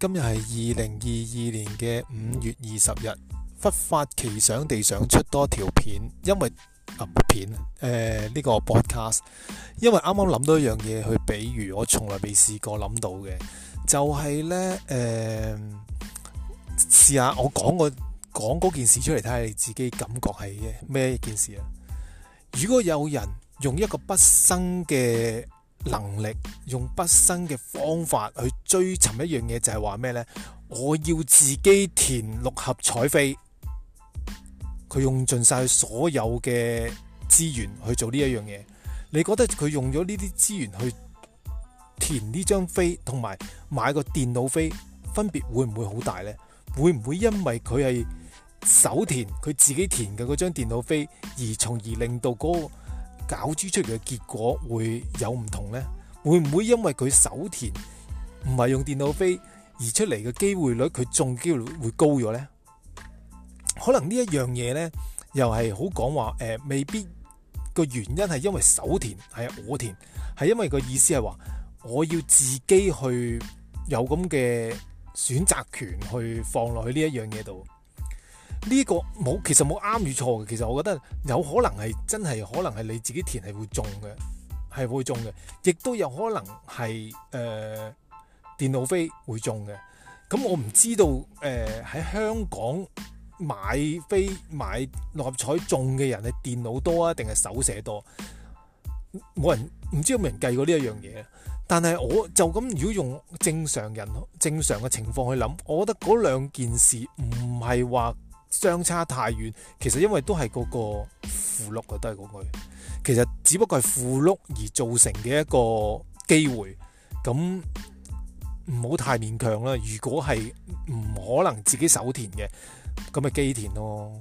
今日係二零二二年嘅五月二十日，忽發奇想地想出多條片，因為、啊、不片，誒、呃、呢、這個 podcast，因為啱啱諗到一樣嘢，去比喻我從來未試過諗到嘅，就係、是、呢。誒、呃、試下我講個講嗰件事出嚟睇下，你自己感覺係咩一件事啊？如果有人用一個不生嘅。能力用畢生嘅方法去追尋一樣嘢，就係話咩咧？我要自己填六合彩飛，佢用盡晒所有嘅資源去做呢一樣嘢。你覺得佢用咗呢啲資源去填呢張飛，同埋買個電腦飛，分別會唔會好大咧？會唔會因為佢係手填佢自己填嘅嗰張電腦飛，而從而令到、嗰個。搞出出嚟嘅結果會有唔同呢？會唔會因為佢手填唔係用電腦飛而出嚟嘅機會率，佢中機會率會高咗呢？可能呢一樣嘢呢，又係好講話誒、呃，未必個原因係因為手填，係我填，係因為個意思係話我要自己去有咁嘅選擇權去放落去呢一樣嘢度。呢、這個冇，其實冇啱與錯嘅。其實我覺得有可能係真係，可能係你自己填係會中嘅，係會中嘅。亦都有可能係誒、呃、電腦飛會中嘅。咁、嗯、我唔知道誒喺、呃、香港買飛買六合彩中嘅人，係電腦多啊，定係手寫多？冇人唔知有冇人計過呢一樣嘢。但係我就咁，如果用正常人正常嘅情況去諗，我覺得嗰兩件事唔係話。相差太遠，其實因為都係嗰、那個符碌啊，都係嗰句。其實只不過係符碌而造成嘅一個機會，咁唔好太勉強啦。如果係唔可能自己手填嘅，咁咪機填咯。